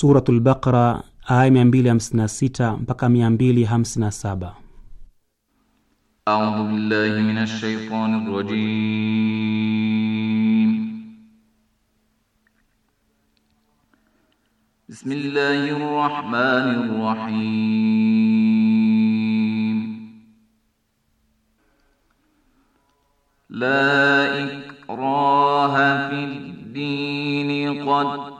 Suratul Baqara aya 256 mpaka 257. A'udhu billahi minash shaitani rajim. Bismillahir Rahmanir Rahim. La ikraha fid din qad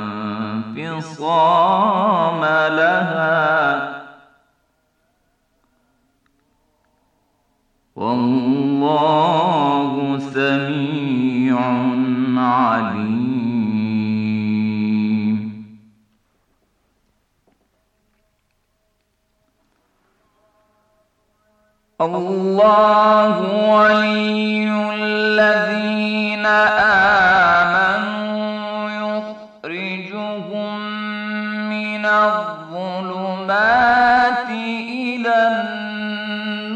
انفصام لها والله سميع عليم الله ولي الذين آمنوا الظلمات إلى النور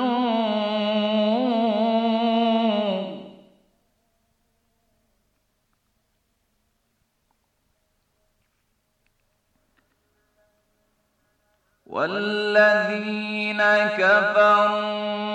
والذين كفروا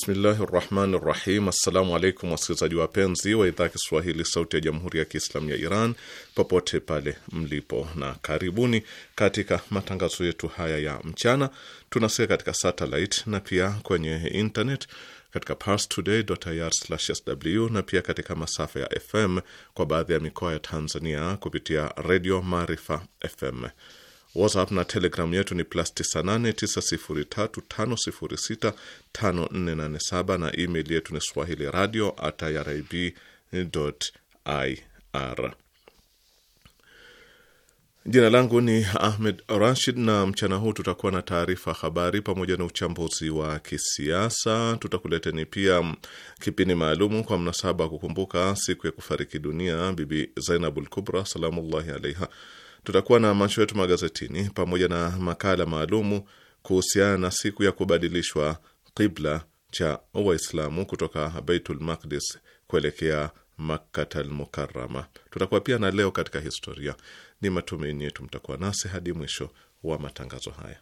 Bismillahi rahmani rahim. Assalamu alaikum wasikilizaji wapenzi wa idhaa Kiswahili sauti ya jamhuri ya kiislamu ya Iran popote pale mlipo, na karibuni katika matangazo yetu haya ya mchana. Tunasikia katika satellite na pia kwenye internet katika parstoday.ir/sw na pia katika masafa ya FM kwa baadhi ya mikoa ya Tanzania kupitia redio Maarifa FM. WhatsApp na Telegram yetu ni plus 989035065487 na email yetu ni swahili radio at irib.ir. Jina langu ni Ahmed Rashid, na mchana huu tutakuwa na taarifa habari pamoja na uchambuzi wa kisiasa. Tutakuleteni pia kipindi maalumu kwa mnasaba wa kukumbuka siku ya kufariki dunia Bibi Zainabul Kubra salamullahi alaiha Tutakuwa na macho yetu magazetini pamoja na makala maalumu kuhusiana na siku ya kubadilishwa qibla cha Waislamu kutoka Baitul Maqdis kuelekea Makkatal Mukarrama. Tutakuwa pia na leo katika historia. Ni matumaini yetu mtakuwa nasi hadi mwisho wa matangazo haya.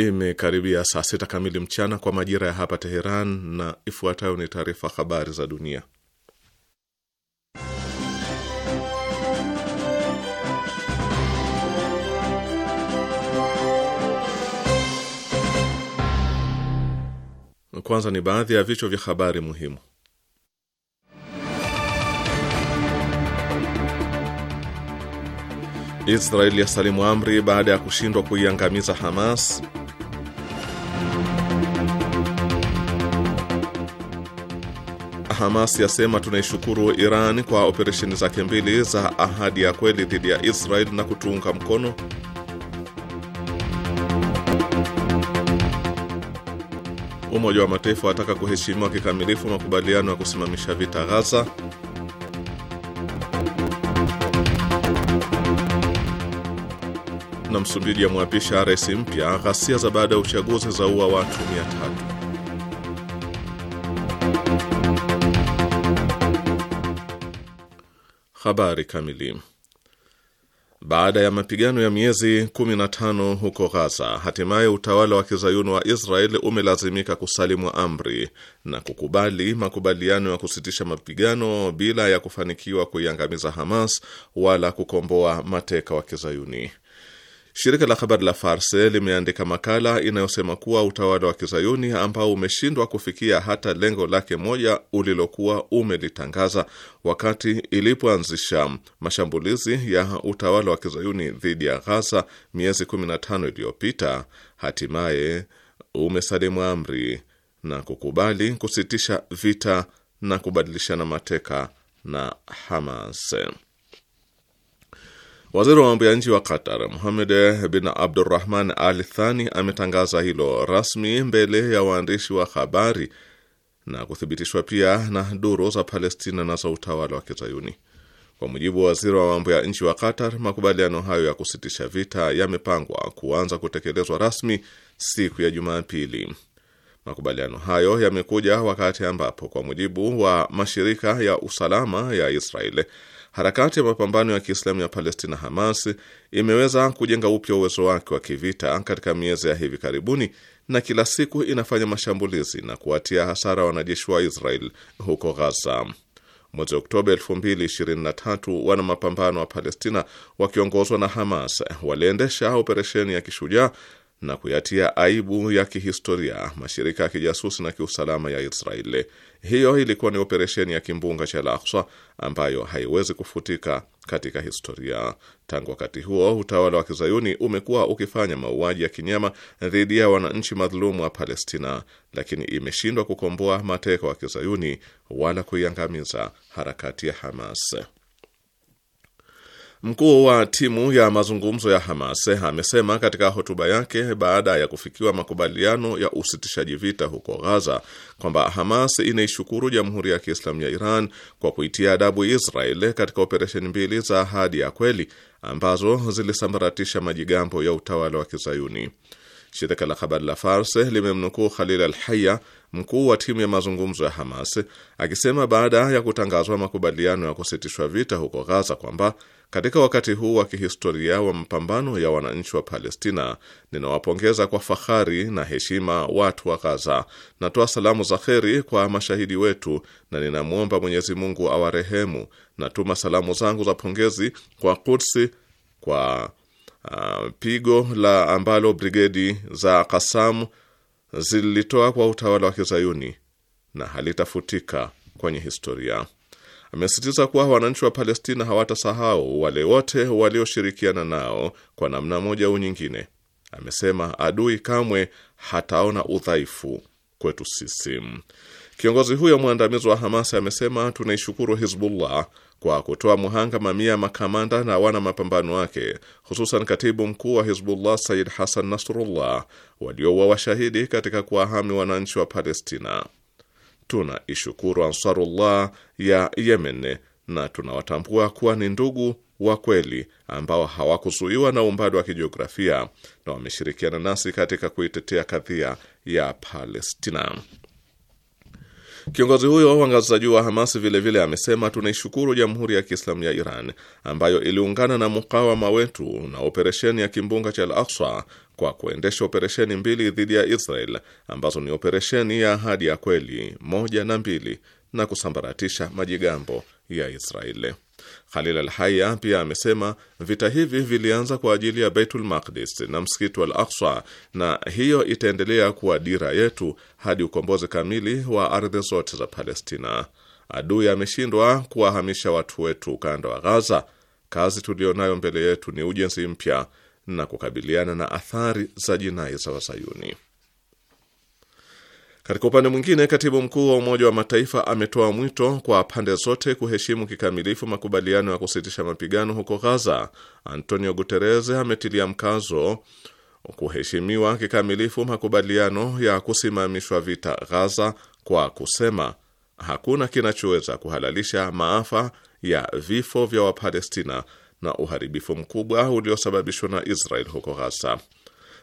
Imekaribia saa sita kamili mchana kwa majira ya hapa Teheran, na ifuatayo ni taarifa habari za dunia. Kwanza ni baadhi ya vichwa vya habari muhimu. Israeli yasalimu amri baada ya kushindwa kuiangamiza Hamas. Hamas yasema tunaishukuru Iran kwa operesheni zake mbili za ahadi ya kweli dhidi ya Israel na kutuunga mkono. Umoja wa Mataifa wataka kuheshimiwa kikamilifu makubaliano ya kusimamisha vita Gaza. Na Msumbiji amwapisha rais mpya, ghasia za baada ya uchaguzi za ua watu mia tatu. Habari kamili. Baada ya mapigano ya miezi 15 huko Ghaza, hatimaye utawala wa kizayuni wa Israel umelazimika kusalimwa amri na kukubali makubaliano ya kusitisha mapigano bila ya kufanikiwa kuiangamiza Hamas wala kukomboa mateka wa kizayuni. Shirika la habari la Farse limeandika makala inayosema kuwa utawala wa kizayuni ambao umeshindwa kufikia hata lengo lake moja ulilokuwa umelitangaza wakati ilipoanzisha mashambulizi ya utawala wa kizayuni dhidi ya Ghaza miezi 15 iliyopita, hatimaye umesalimu amri na kukubali kusitisha vita na kubadilishana mateka na Hamas. Waziri wa mambo ya nje wa Qatar Muhamed bin Abdurahman Al Thani ametangaza hilo rasmi mbele ya waandishi wa habari na kuthibitishwa pia na duru za Palestina na za utawala wa Kizayuni. Kwa mujibu wa waziri wa mambo ya nchi wa Qatar, makubaliano hayo ya kusitisha vita yamepangwa kuanza kutekelezwa rasmi siku ya Jumapili. Makubaliano hayo yamekuja wakati ambapo, kwa mujibu wa mashirika ya usalama ya Israeli, harakati ya mapambano ya Kiislamu ya Palestina Hamas imeweza kujenga upya uwezo wake wa kivita katika miezi ya hivi karibuni na kila siku inafanya mashambulizi na kuwatia hasara wanajeshi wa Israel huko Gaza. Mwezi Oktoba 2023 wana mapambano wa Palestina wakiongozwa na Hamas waliendesha operesheni ya kishujaa na kuyatia aibu ya kihistoria mashirika ya kijasusi na kiusalama ya Israeli. Hiyo ilikuwa ni operesheni ya kimbunga cha Al-Aqsa ambayo haiwezi kufutika katika historia. Tangu wakati huo, utawala wa kizayuni umekuwa ukifanya mauaji ya kinyama dhidi ya wananchi madhulumu wa Palestina, lakini imeshindwa kukomboa mateka wa kizayuni wala kuiangamiza harakati ya Hamas. Mkuu wa timu ya mazungumzo ya Hamas amesema katika hotuba yake baada ya kufikiwa makubaliano ya usitishaji vita huko Ghaza kwamba Hamas inaishukuru Jamhuri ya Kiislamu ya Iran kwa kuitia adabu Israel katika operesheni mbili za ahadi ya kweli ambazo zilisambaratisha majigambo ya utawala wa Kizayuni. Shirika la habari la Fars limemnukuu Khalil Al Haya, mkuu wa timu ya mazungumzo ya Hamas, akisema baada ya kutangazwa makubaliano ya kusitishwa vita huko Ghaza kwamba katika wakati huu wa kihistoria wa mapambano ya wananchi wa Palestina, ninawapongeza kwa fahari na heshima watu wa Ghaza. Natoa salamu za kheri kwa mashahidi wetu na ninamwomba Mwenyezi Mungu awarehemu. Natuma salamu zangu za pongezi kwa Kudsi kwa uh, pigo la ambalo brigedi za Kasamu zilitoa kwa utawala wa kizayuni na halitafutika kwenye historia. Amesisitiza kuwa wananchi wa Palestina hawatasahau wale wote walioshirikiana nao kwa namna moja au nyingine. Amesema adui kamwe hataona udhaifu kwetu sisi. Kiongozi huyo mwandamizi wa Hamas amesema tunaishukuru Hizbullah kwa kutoa muhanga mamia ya makamanda na wana mapambano wake, hususan katibu mkuu wa Hizbullah Said Hassan Nasrullah, waliouwa washahidi katika kuwahami wananchi wa Palestina. Tunaishukuru Ansarullah ya Yemen na tunawatambua kuwa ni ndugu wa kweli ambao hawakuzuiwa na umbali wa kijiografia na wameshirikiana nasi katika kuitetea kadhia ya Palestina. Kiongozi huyo wa ngazi za juu wa Hamas vilevile vile amesema, tunaishukuru Jamhuri ya Kiislamu ya Iran ambayo iliungana na mukawama wetu na operesheni ya kimbunga cha Al-Aqsa kwa kuendesha operesheni mbili dhidi ya Israel ambazo ni operesheni ya ahadi ya kweli moja na mbili na kusambaratisha majigambo ya Israeli. Khalil al Haya pia amesema vita hivi vilianza kwa ajili ya Baitul Maqdis na msikiti wal Aqsa, na hiyo itaendelea kuwa dira yetu hadi ukombozi kamili wa ardhi zote za Palestina. Adui ameshindwa kuwahamisha watu wetu ukanda wa Ghaza. Kazi tuliyonayo mbele yetu ni ujenzi mpya na kukabiliana na athari za jinai za Wazayuni. Katika upande mwingine, katibu mkuu wa Umoja wa Mataifa ametoa mwito kwa pande zote kuheshimu kikamilifu makubaliano ya kusitisha mapigano huko Gaza. Antonio Guterres ametilia mkazo kuheshimiwa kikamilifu makubaliano ya kusimamishwa vita Gaza kwa kusema hakuna kinachoweza kuhalalisha maafa ya vifo vya Wapalestina na uharibifu mkubwa uliosababishwa na Israel huko Gaza.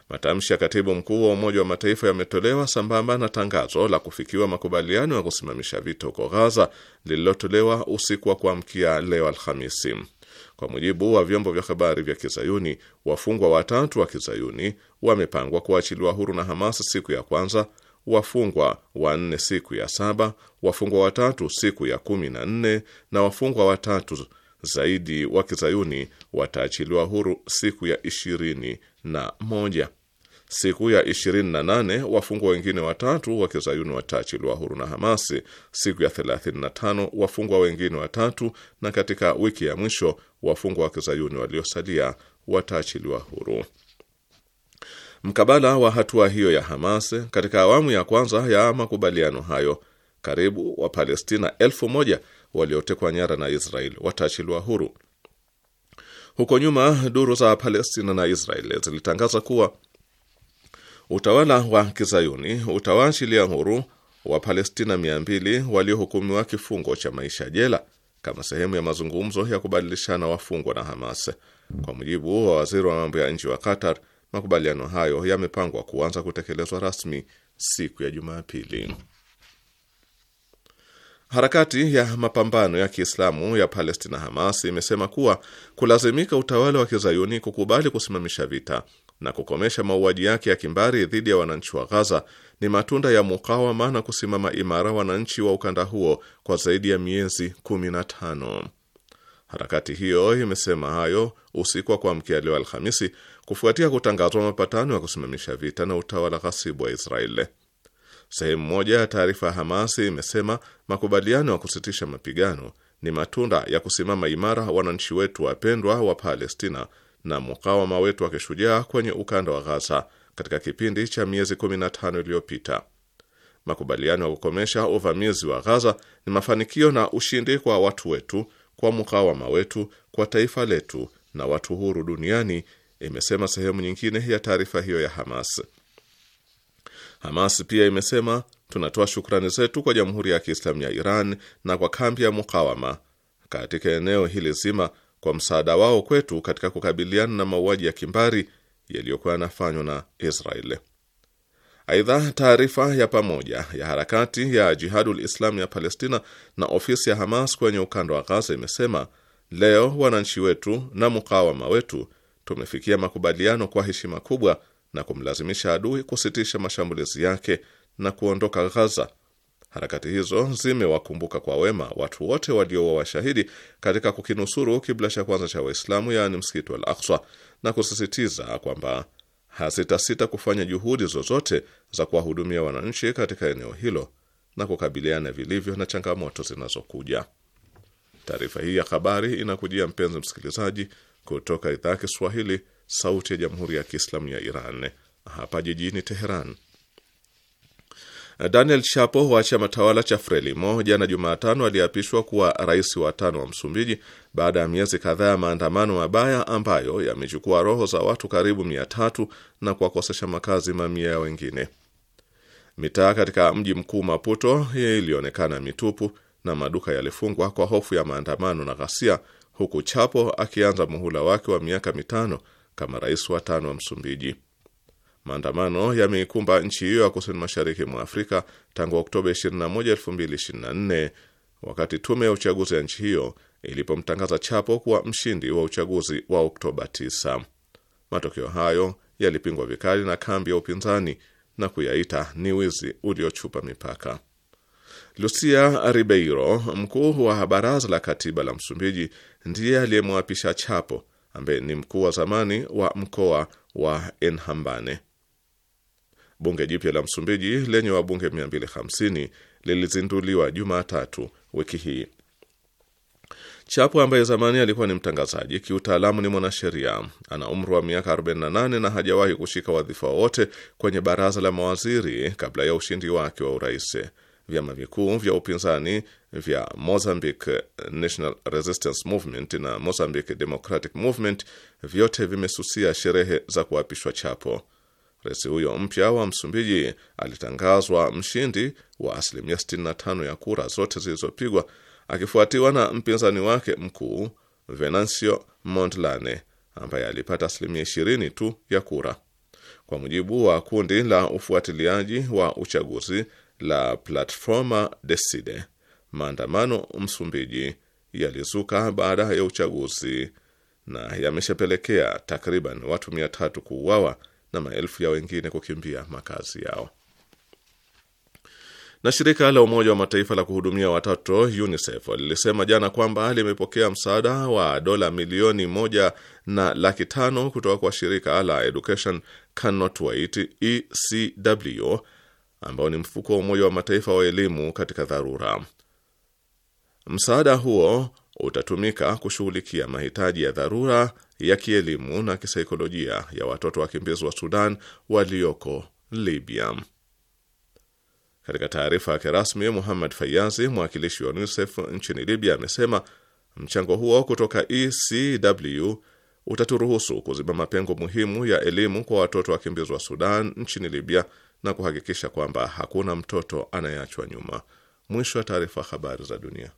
Matamshi ya katibu mkuu wa Umoja wa Mataifa yametolewa sambamba na tangazo la kufikiwa makubaliano ya kusimamisha vita huko Ghaza lililotolewa usiku wa kuamkia leo Alhamisi. Kwa mujibu wa vyombo vya habari vya Kizayuni, wafungwa watatu wa Kizayuni wamepangwa kuachiliwa huru na Hamas siku ya kwanza, wafungwa wanne siku ya saba, wafungwa watatu siku ya kumi na nne na wafungwa watatu zaidi wa kizayuni wataachiliwa huru siku ya ishirini na moja. Siku ya ishirini na nane wafungwa wengine watatu wa kizayuni wataachiliwa huru na Hamasi. Siku ya thelathini na tano wafungwa wengine watatu, na katika wiki ya mwisho wafungwa wa kizayuni waliosalia wataachiliwa huru. Mkabala wa hatua hiyo ya Hamas, katika awamu ya kwanza ya makubaliano hayo, karibu Wapalestina elfu moja waliotekwa nyara na Israel wataachiliwa huru. Huko nyuma, duru za Palestina na Israel zilitangaza kuwa utawala wa kizayuni utawaachilia huru wa Palestina 200 waliohukumiwa kifungo cha maisha jela kama sehemu ya mazungumzo ya kubadilishana wafungwa na Hamas. Kwa mujibu wa waziri wa mambo ya nje wa Qatar, makubaliano hayo yamepangwa kuanza kutekelezwa rasmi siku ya Jumapili. Harakati ya mapambano ya Kiislamu ya Palestina Hamas imesema kuwa kulazimika utawala wa Kizayuni kukubali kusimamisha vita na kukomesha mauaji yake ya kimbari dhidi ya wananchi wa Ghaza ni matunda ya mukawama na kusimama imara wananchi wa ukanda huo kwa zaidi ya miezi 15. Harakati hiyo imesema hayo usiku wa kuamkia leo Alhamisi kufuatia kutangazwa mapatano ya kusimamisha vita na utawala ghasibu wa Israeli. Sehemu moja ya taarifa ya Hamasi imesema makubaliano ya kusitisha mapigano ni matunda ya kusimama imara wananchi wetu wapendwa wa Palestina na mukawama wetu wa kishujaa kwenye ukanda wa Ghaza katika kipindi cha miezi 15 iliyopita. Makubaliano ya kukomesha uvamizi wa Ghaza ni mafanikio na ushindi kwa watu wetu, kwa mukawama wetu, kwa taifa letu na watu huru duniani, imesema sehemu nyingine ya taarifa hiyo ya Hamas. Hamas pia imesema tunatoa shukrani zetu kwa Jamhuri ya Kiislamu ya Iran na kwa kambi ya mukawama katika eneo hili zima kwa msaada wao kwetu katika kukabiliana na mauaji ya kimbari yaliyokuwa yanafanywa na Israeli. Aidha, taarifa ya pamoja ya harakati ya Jihadul Islam ya Palestina na ofisi ya Hamas kwenye ukanda wa Gaza imesema leo wananchi wetu na mukawama wetu tumefikia makubaliano kwa heshima kubwa na kumlazimisha adui kusitisha mashambulizi yake na kuondoka Ghaza. Harakati hizo zimewakumbuka kwa wema watu wote waliowa washahidi katika kukinusuru kibla cha kwanza cha Waislamu, yaani msikiti Al Akswa, na kusisitiza kwamba hazitasita kufanya juhudi zozote za kuwahudumia wananchi katika eneo hilo na kukabiliana vilivyo na changamoto zinazokuja. Taarifa hii ya habari inakujia mpenzi msikilizaji, kutoka idhaa ya Kiswahili sauti ya jamhuri ya kiislamu ya Iran hapa jijini Teheran. Daniel Chapo wa chama tawala cha Frelimo jana Jumatano aliapishwa kuwa rais wa tano wa Msumbiji baada ya miezi kadhaa ya maandamano mabaya ambayo yamechukua roho za watu karibu mia tatu na kuwakosesha makazi mamia ya wengine. Mitaa katika mji mkuu Maputo ilionekana mitupu na maduka yalifungwa kwa hofu ya maandamano na ghasia, huku Chapo akianza muhula wake wa miaka mitano kama rais wa tano wa Msumbiji. Maandamano yameikumba nchi hiyo ya kusini mashariki mwa Afrika tangu Oktoba 21, 2024 wakati tume ya uchaguzi ya nchi hiyo ilipomtangaza Chapo kuwa mshindi wa uchaguzi wa Oktoba 9. Matokeo hayo yalipingwa vikali na kambi ya upinzani na kuyaita ni wizi uliochupa mipaka. Lucia Ribeiro, mkuu wa baraza la katiba la Msumbiji, ndiye aliyemwapisha Chapo ambaye ni mkuu wa zamani wa mkoa wa Enhambane. Bunge jipya la Msumbiji lenye wabunge 250 lilizinduliwa Jumatatu wiki hii. Chapo ambaye zamani alikuwa ni mtangazaji, kiutaalamu ni mwanasheria, ana umri wa miaka 48 na hajawahi kushika wadhifa wowote kwenye baraza la mawaziri kabla ya ushindi wake wa urais. Vyama vikuu vya upinzani vya Mozambique National Resistance Movement na Mozambique Democratic Movement vyote vimesusia sherehe za kuapishwa chapo. Rais huyo mpya wa Msumbiji alitangazwa mshindi wa asilimia 65 ya kura zote zilizopigwa akifuatiwa na mpinzani wake mkuu Venancio Mondlane ambaye alipata asilimia 20 tu ya kura. Kwa mujibu wa kundi la ufuatiliaji wa uchaguzi la Platforma Decide, Maandamano Msumbiji yalizuka baada ya uchaguzi na yameshapelekea takriban watu mia tatu kuuawa na maelfu ya wengine kukimbia makazi yao. Na shirika la Umoja wa Mataifa la kuhudumia watoto UNICEF lilisema jana kwamba limepokea msaada wa dola milioni moja na laki tano kutoka kwa shirika la Education Cannot Wait ECW, ambao ni mfuko wa Umoja wa Mataifa wa elimu katika dharura. Msaada huo utatumika kushughulikia mahitaji ya dharura ya kielimu na kisaikolojia ya watoto wakimbizi wa Sudan walioko Libya. Katika taarifa yake rasmi, Muhammad Fayazi, mwakilishi wa UNICEF nchini Libya, amesema mchango huo kutoka ECW utaturuhusu kuziba mapengo muhimu ya elimu kwa watoto wakimbizi wa Sudan nchini Libya na kuhakikisha kwamba hakuna mtoto anayeachwa nyuma. Mwisho wa taarifa. Habari za dunia.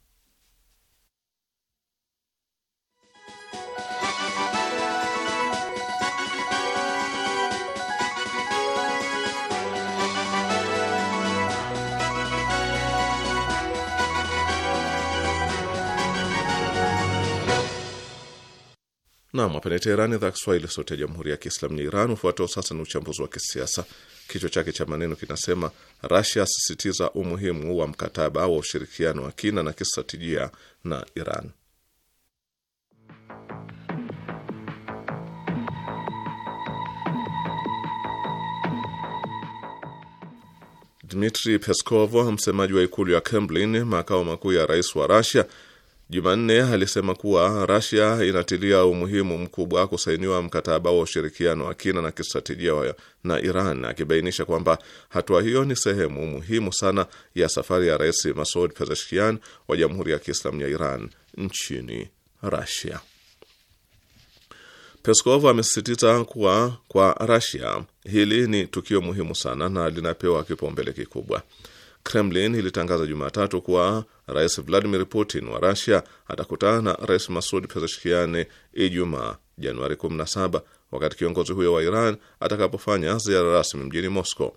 Nam wapenda Teherani, idhaa Kiswahili, sauti ya jamhuri ya kiislamu ya Iran. Hufuatao sasa ni uchambuzi wa kisiasa, kichwa chake cha maneno kinasema: Rasia asisitiza umuhimu wa mkataba wa ushirikiano wa kina na kistratijia na Iran. Dmitri Peskov, msemaji wa ikulu ya Kremlin, makao makuu ya rais wa Rasia, Jumanne alisema kuwa Rasia inatilia umuhimu mkubwa kusainiwa mkataba wa ushirikiano wa kina na kistratejia na Iran, akibainisha kwamba hatua hiyo ni sehemu muhimu sana ya safari ya Rais Masoud Pezeshkian wa Jamhuri ya Kiislamu ya Iran nchini Rasia. Peskov amesisitiza kuwa kwa Rasia hili ni tukio muhimu sana na linapewa kipaumbele kikubwa. Kremlin ilitangaza Jumatatu kuwa Rais Vladimir Putin wa Russia atakutana na Rais Masud Pezeshkian Ijumaa Januari 17 wakati kiongozi huyo wa Iran atakapofanya ziara rasmi mjini Moscow.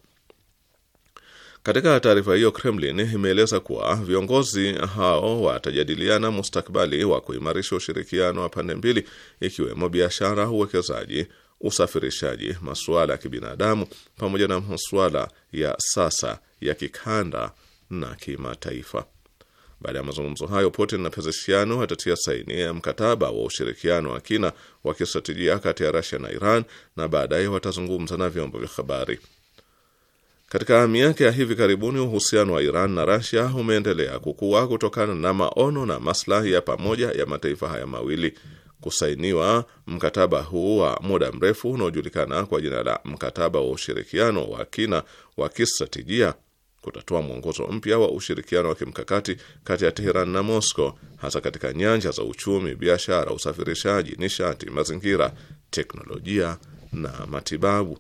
Katika taarifa hiyo, Kremlin imeeleza kuwa viongozi hao watajadiliana mustakbali wa kuimarisha ushirikiano wa pande mbili, ikiwemo biashara, uwekezaji, usafirishaji, masuala ya kibinadamu pamoja na masuala ya sasa ya kikanda na kimataifa. Baada ya mazungumzo hayo, Putin na Pezeshkiano watatia saini ya mkataba wa ushirikiano wa kina wa kistratejia kati ya Rusia na Iran na baadaye watazungumza na vyombo vya habari. Katika hami yake ya hivi karibuni, uhusiano wa Iran na rasia umeendelea kukua kutokana na maono na maslahi ya pamoja ya mataifa haya mawili. Kusainiwa mkataba huu wa muda mrefu unaojulikana kwa jina la mkataba wa ushirikiano wa kina wa kistratejia kutatoa mwongozo mpya wa ushirikiano wa kimkakati kati ya Teheran na Moscow, hasa katika nyanja za uchumi, biashara, usafirishaji, nishati, mazingira, teknolojia na matibabu.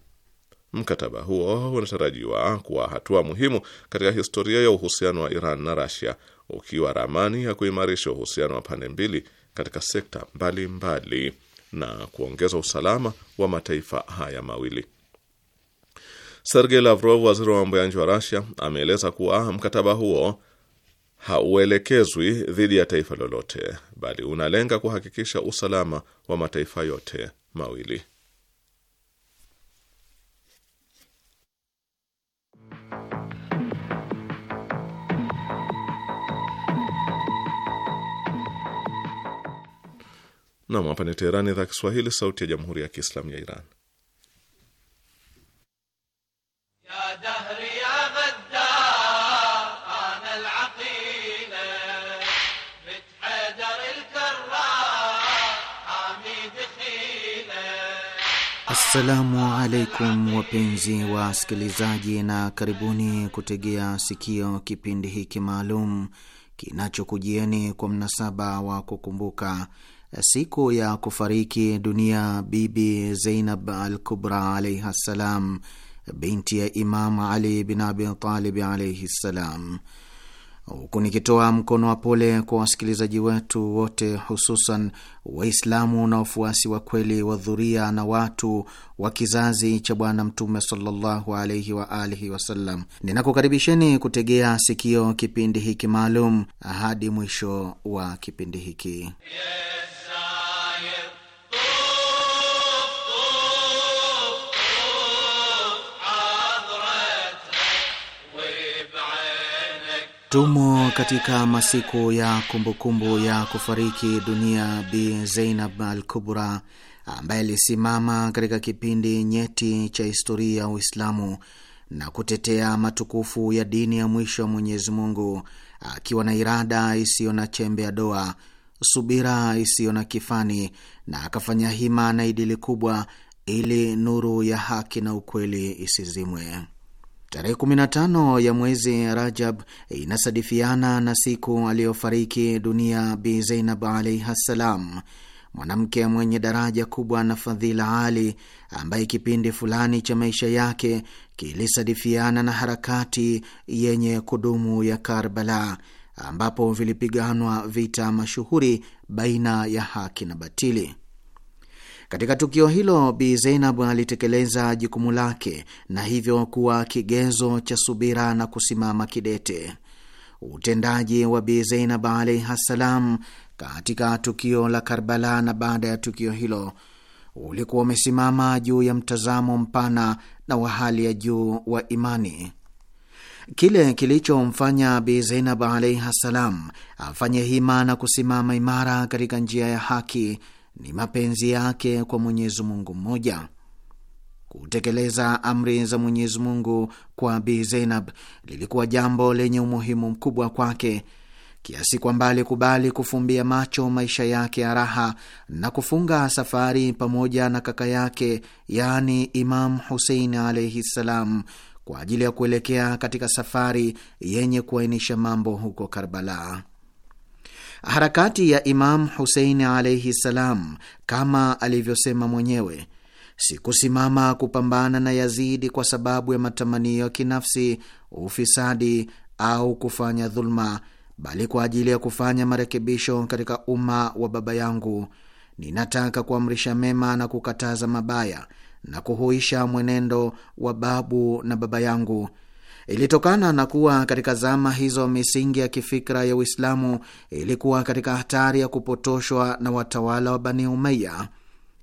Mkataba huo unatarajiwa kuwa hatua muhimu katika historia ya uhusiano wa Iran na Russia, ukiwa ramani ya kuimarisha uhusiano wa pande mbili katika sekta mbalimbali mbali, na kuongeza usalama wa mataifa haya mawili. Sergei Lavrov, waziri wa mambo ya nje wa Russia, ameeleza kuwa mkataba huo hauelekezwi dhidi ya taifa lolote, bali unalenga kuhakikisha usalama wa mataifa yote mawili. Nam, hapa ni Teherani, idhaa Kiswahili, sauti ya jamhuri ya kiislamu ya Iran. Assalamu alaikum wapenzi wa wasikilizaji, na karibuni kutegea sikio kipindi hiki maalum kinachokujieni kwa mnasaba wa kukumbuka siku ya kufariki dunia Bibi Zeinab al Kubra alaihi ssalam binti ya Imam Ali bin Abi Talib alaihi ssalam, huku nikitoa mkono wa pole kwa wasikilizaji wetu wote, hususan Waislamu na wafuasi wa kweli wa dhuria na watu wa kizazi cha Bwana Mtume sallallahu alaihi wa alihi wasallam. Ninakukaribisheni kutegea sikio kipindi hiki maalum hadi mwisho wa kipindi hiki yeah. Tumo katika masiku ya kumbukumbu kumbu ya kufariki dunia Bi Zeinab Al Kubra, ambaye alisimama katika kipindi nyeti cha historia ya Uislamu na kutetea matukufu ya dini ya mwisho wa Mwenyezi Mungu, akiwa na irada isiyo na chembe ya doa, subira isiyo na kifani, na akafanya hima na idili kubwa ili nuru ya haki na ukweli isizimwe. Tarehe 15 ya mwezi Rajab inasadifiana na siku aliyofariki dunia Bi Zeinab alaihi ssalam, mwanamke mwenye daraja kubwa na fadhila ali, ambaye kipindi fulani cha maisha yake kilisadifiana na harakati yenye kudumu ya Karbala, ambapo vilipiganwa vita mashuhuri baina ya haki na batili. Katika tukio hilo, Bi zeinab alitekeleza jukumu lake na hivyo kuwa kigezo cha subira na kusimama kidete. Utendaji wa Bi zeinab alaihi ssalam katika tukio la Karbala na baada ya tukio hilo ulikuwa umesimama juu ya mtazamo mpana na wa hali ya juu wa imani. Kile kilichomfanya Bi zeinab alaihi ssalam afanye hima na kusimama imara katika njia ya haki ni mapenzi yake kwa Mwenyezi Mungu mmoja. Kutekeleza amri za Mwenyezi Mungu kwa Bi Zeinab lilikuwa jambo lenye umuhimu mkubwa kwake kiasi kwamba alikubali kufumbia macho maisha yake ya raha na kufunga safari pamoja na kaka yake, yaani Imam Husein alaihi ssalam, kwa ajili ya kuelekea katika safari yenye kuainisha mambo huko Karbala. Harakati ya Imamu husein alaihi ssalam, kama alivyosema mwenyewe, sikusimama kupambana na Yazidi kwa sababu ya matamanio ya kinafsi, ufisadi au kufanya dhuluma, bali kwa ajili ya kufanya marekebisho katika umma wa baba yangu. Ninataka kuamrisha mema na kukataza mabaya na kuhuisha mwenendo wa babu na baba yangu ilitokana na kuwa katika zama hizo misingi ya kifikra ya Uislamu ilikuwa katika hatari ya kupotoshwa na watawala wa Bani Umayya,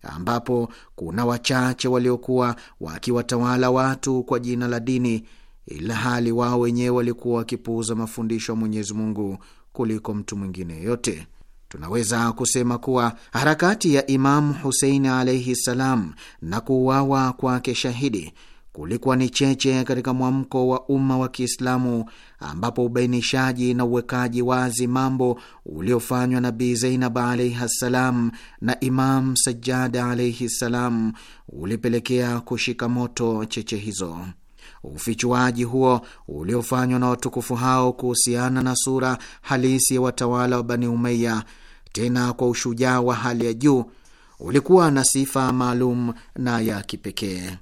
ambapo kuna wachache waliokuwa wakiwatawala watu kwa jina la dini, ila hali wao wenyewe walikuwa wakipuuza mafundisho ya Mwenyezi Mungu kuliko mtu mwingine yeyote. Tunaweza kusema kuwa harakati ya Imamu Husein alaihi salam na kuuawa kwake shahidi kulikuwa ni cheche katika mwamko wa umma wa Kiislamu, ambapo ubainishaji na uwekaji wazi mambo uliofanywa Nabii Zainab alaihi ssalam na Imam Sajjad alaihi ssalam ulipelekea kushika moto cheche hizo. Ufichuaji huo uliofanywa na watukufu hao kuhusiana na sura halisi ya watawala wa Bani Umeya, tena kwa ushujaa wa hali ya juu, ulikuwa na sifa maalum na ya kipekee.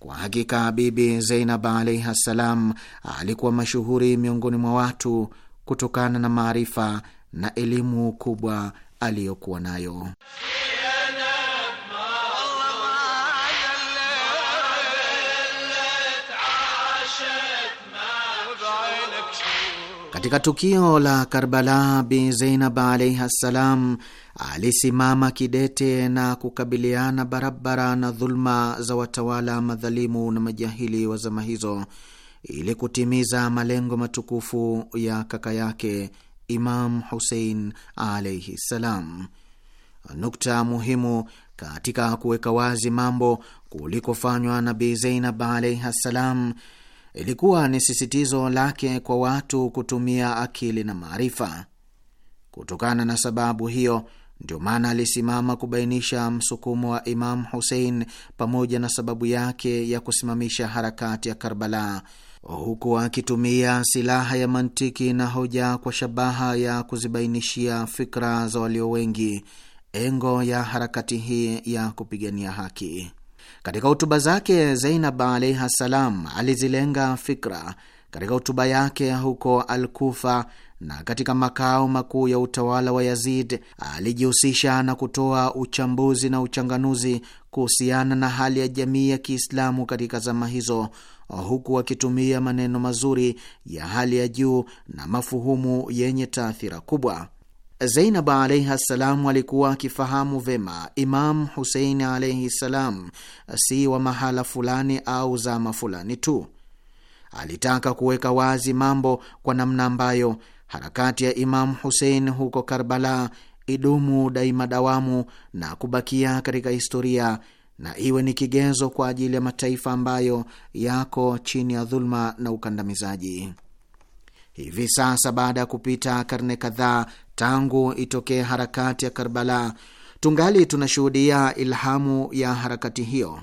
Kwa hakika Bibi Zeinab alaihi ssalam alikuwa mashuhuri miongoni mwa watu kutokana na maarifa na elimu kubwa aliyokuwa nayo. Katika tukio la Karbala, Bi Zeinab alaihi ssalam alisimama kidete na kukabiliana barabara na dhuluma za watawala madhalimu na majahili wa zama hizo ili kutimiza malengo matukufu ya kaka yake Imam Husein alaihi ssalam. Nukta muhimu katika kuweka wazi mambo kulikofanywa na Bi Zeinab alaihi ssalam ilikuwa ni sisitizo lake kwa watu kutumia akili na maarifa. Kutokana na sababu hiyo, ndio maana alisimama kubainisha msukumo wa Imamu Husein pamoja na sababu yake ya kusimamisha harakati ya Karbala, huku akitumia silaha ya mantiki na hoja kwa shabaha ya kuzibainishia fikra za walio wengi engo ya harakati hii ya kupigania haki. Katika hotuba zake Zainab alaihi ssalam alizilenga fikra katika hotuba yake huko alkufa na katika makao makuu ya utawala wa Yazid alijihusisha na kutoa uchambuzi na uchanganuzi kuhusiana na hali ya jamii ya Kiislamu katika zama hizo, huku akitumia maneno mazuri ya hali ya juu na mafuhumu yenye taathira kubwa. Zeinaba alaihi ssalam alikuwa akifahamu vema imam husein alaihi ssalam si wa mahala fulani au zama fulani tu. Alitaka kuweka wazi mambo kwa namna ambayo harakati ya Imamu Husein huko Karbala idumu daima dawamu na kubakia katika historia na iwe ni kigezo kwa ajili ya mataifa ambayo yako chini ya dhuluma na ukandamizaji. Hivi sasa baada ya kupita karne kadhaa Tangu itokee harakati ya Karbala, tungali tunashuhudia ilhamu ya harakati hiyo.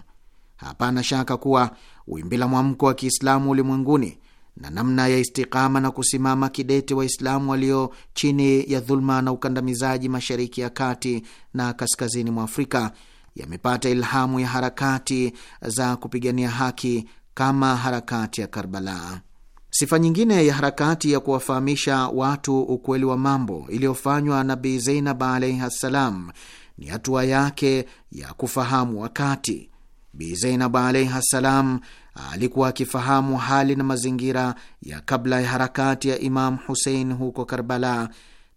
Hapana shaka kuwa wimbi la mwamko wa Kiislamu ulimwenguni na namna ya istikama na kusimama kidete Waislamu walio chini ya dhuluma na ukandamizaji mashariki ya kati na kaskazini mwa Afrika yamepata ilhamu ya harakati za kupigania haki kama harakati ya Karbala. Sifa nyingine ya harakati ya kuwafahamisha watu ukweli wa mambo iliyofanywa Nabi Zeinab alaihi ssalam ni hatua yake ya kufahamu wakati. Bi Zeinab alaihi ssalam alikuwa akifahamu hali na mazingira ya kabla ya harakati ya Imam Husein huko Karbala,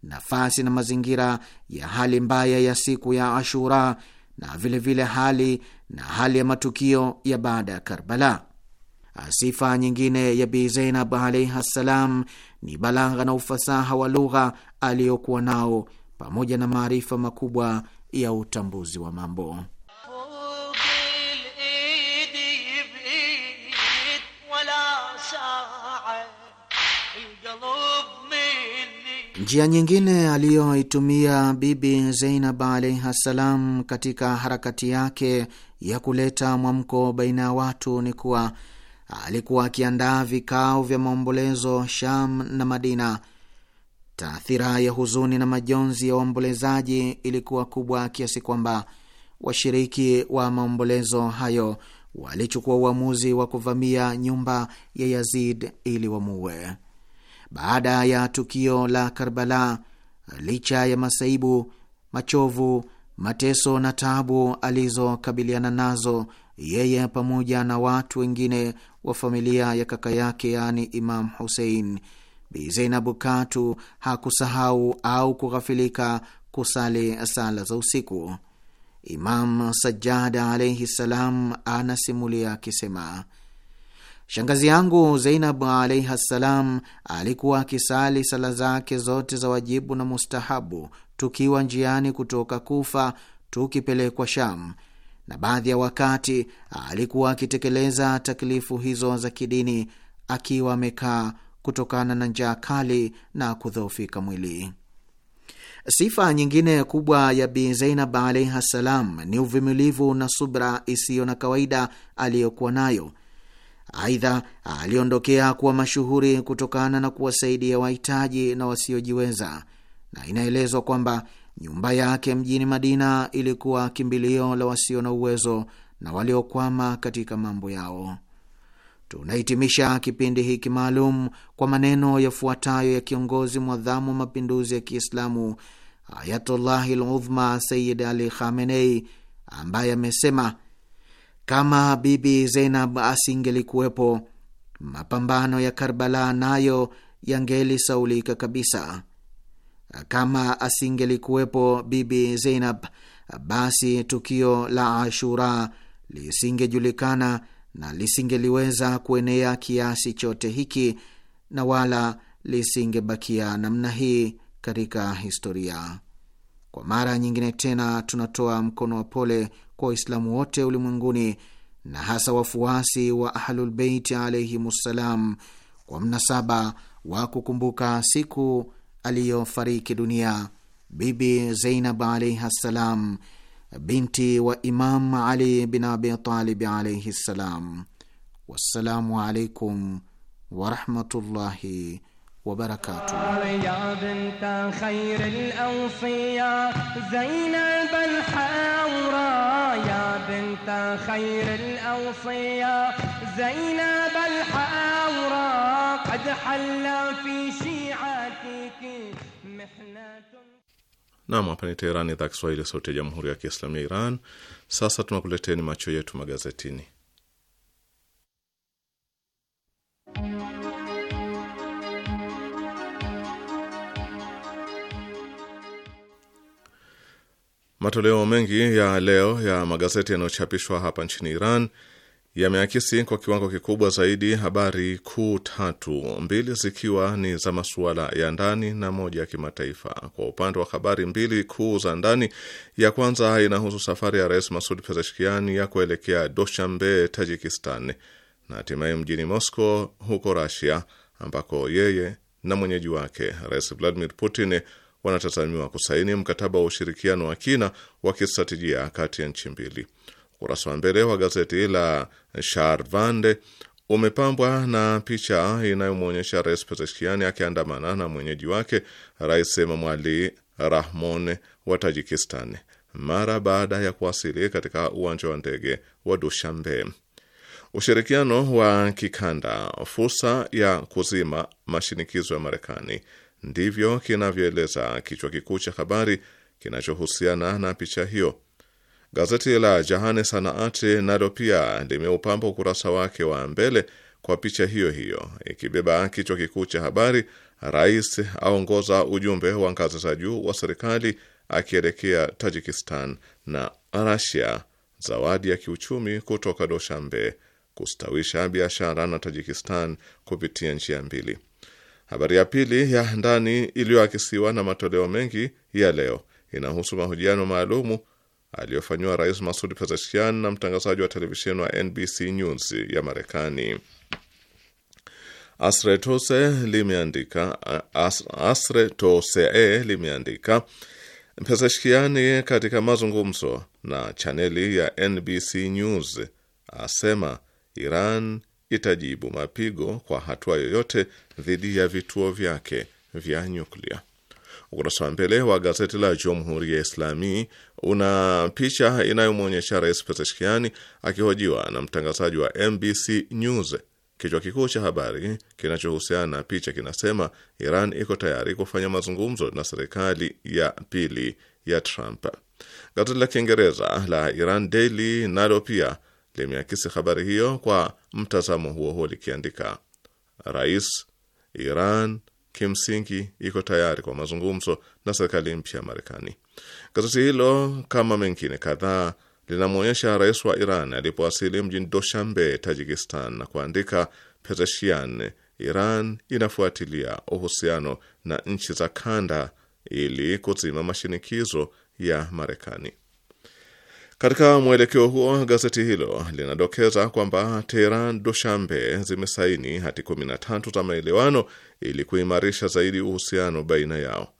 nafasi na mazingira ya hali mbaya ya siku ya Ashura na vilevile vile hali na hali ya matukio ya baada ya Karbala. Ah, sifa nyingine ya Bi Zeinab alaihi ssalam ni balagha na ufasaha wa lugha aliyokuwa nao pamoja na maarifa makubwa ya utambuzi wa mambo. Njia nyingine aliyoitumia Bibi Zeinab alaihi ssalam katika harakati yake ya kuleta mwamko baina ya watu ni kuwa alikuwa akiandaa vikao vya maombolezo Sham na Madina. Taathira ya huzuni na majonzi ya waombolezaji ilikuwa kubwa kiasi kwamba washiriki wa maombolezo hayo walichukua uamuzi wa kuvamia nyumba ya Yazid ili wamuue. Baada ya tukio la Karbala, licha ya masaibu, machovu, mateso na taabu alizokabiliana nazo, yeye pamoja na watu wengine wa familia ya kaka yake, yaani Imam Husein, Bi Zainabu katu hakusahau au kughafilika kusali sala za usiku. Imam Sajada alaihi ssalam anasimulia akisema Shangazi yangu zeinab alaihi ssalam alikuwa akisali sala zake zote za wajibu na mustahabu tukiwa njiani kutoka Kufa tukipelekwa Sham, na baadhi ya wakati alikuwa akitekeleza taklifu hizo za kidini akiwa amekaa kutokana na njaa kali na kudhoofika mwili. Sifa nyingine kubwa ya Bi Zainab alaihi ssalam ni uvumilivu na subra isiyo na kawaida aliyokuwa nayo. Aidha, aliondokea kuwa mashuhuri kutokana na kuwasaidia wahitaji na wasiojiweza, na inaelezwa kwamba Nyumba yake mjini Madina ilikuwa kimbilio la wasio na uwezo na waliokwama katika mambo yao. Tunahitimisha kipindi hiki maalum kwa maneno yafuatayo ya kiongozi mwadhamu wa mapinduzi ya Kiislamu Ayatullahi Ludhma Sayid Ali Khamenei ambaye amesema kama Bibi Zeinab asingelikuwepo, mapambano ya Karbala nayo yangelisaulika kabisa. Kama asingelikuwepo Bibi Zeinab, basi tukio la Ashura lisingejulikana na lisingeliweza kuenea kiasi chote hiki na wala lisingebakia namna hii katika historia. Kwa mara nyingine tena, tunatoa mkono wa pole kwa Waislamu wote ulimwenguni na hasa wafuasi wa Ahlulbeiti alaihimussalam kwa mnasaba wa kukumbuka siku aliyofariki dunia Bibi Zainab alaihi ssalam, binti wa Imam Ali bin Abi Talib alaihi ssalam. Wassalamu alaikum warahmatullahi rahmatullahi wa barakatuh Nam, hapa ni Teherani, idhaa Kiswahili, sauti ya jamhuri ya kiislamu ya Iran. Sasa tunakuleteni macho yetu magazetini. Matoleo mengi ya leo ya magazeti yanayochapishwa hapa nchini Iran yameakisi kwa kiwango kikubwa zaidi habari kuu tatu, mbili zikiwa ni za masuala ya ndani na moja ya kimataifa. Kwa upande wa habari mbili kuu za ndani, ya kwanza inahusu safari ya Rais Masud Pezeshkiani ya kuelekea doshambe Tajikistan, na hatimaye mjini Moscow huko rusia ambako yeye na mwenyeji wake Rais Vladimir Putin wanatazamiwa kusaini mkataba wa ushirikiano wa kina wa kistratejia kati ya nchi mbili. Ukurasa wa mbele wa gazeti la Sharvande umepambwa na picha inayomwonyesha Rais Pezeshkiani akiandamana na mwenyeji wake Rais Mamwali Rahmon wa Tajikistan mara baada ya kuwasili katika uwanja wa ndege wa Dushanbe. Ushirikiano wa kikanda, fursa ya kuzima mashinikizo ya Marekani, ndivyo kinavyoeleza kichwa kikuu cha habari kinachohusiana na picha hiyo. Gazeti la Jahane Sanaati nalo pia limeupamba ukurasa wake wa mbele kwa picha hiyo hiyo ikibeba kichwa kikuu cha habari, rais aongoza ujumbe wa ngazi za juu wa serikali akielekea Tajikistan na Rasia, zawadi ya kiuchumi kutoka Doshambe kustawisha biashara na Tajikistan kupitia njia mbili. Habari ya pili ya ndani iliyoakisiwa na matoleo mengi ya leo inahusu mahojiano maalumu aliyofanyiwa Rais Masud Pezeshkian na mtangazaji wa televisheni wa NBC News ya Marekani. Asre limeandika As, Asre limeandika Pezeshkiani katika mazungumzo na chaneli ya NBC News asema Iran itajibu mapigo kwa hatua yoyote dhidi ya vituo vyake vya nyuklia. Ukurasa wa mbele wa gazeti la Jamhuri ya Islami una picha inayomwonyesha Rais Pezeshkiani akihojiwa na mtangazaji wa MBC News. Kichwa kikuu cha habari kinachohusiana na picha kinasema Iran iko tayari kufanya mazungumzo na serikali ya pili ya Trump. Gazeti la Kiingereza la Iran Daily nalo pia limeakisi habari hiyo kwa mtazamo huo huo likiandika, Rais Iran kimsingi iko tayari kwa mazungumzo na serikali mpya ya Marekani. Gazeti hilo kama mengine kadhaa linamwonyesha rais wa Iran alipowasili mjini Doshambe, Tajikistan, na kuandika Pezeshian, Iran inafuatilia uhusiano na nchi za kanda ili kuzima mashinikizo ya Marekani. Katika mwelekeo huo gazeti hilo linadokeza kwamba Teheran, Dushanbe zimesaini hati 13 za maelewano ili kuimarisha zaidi uhusiano baina yao.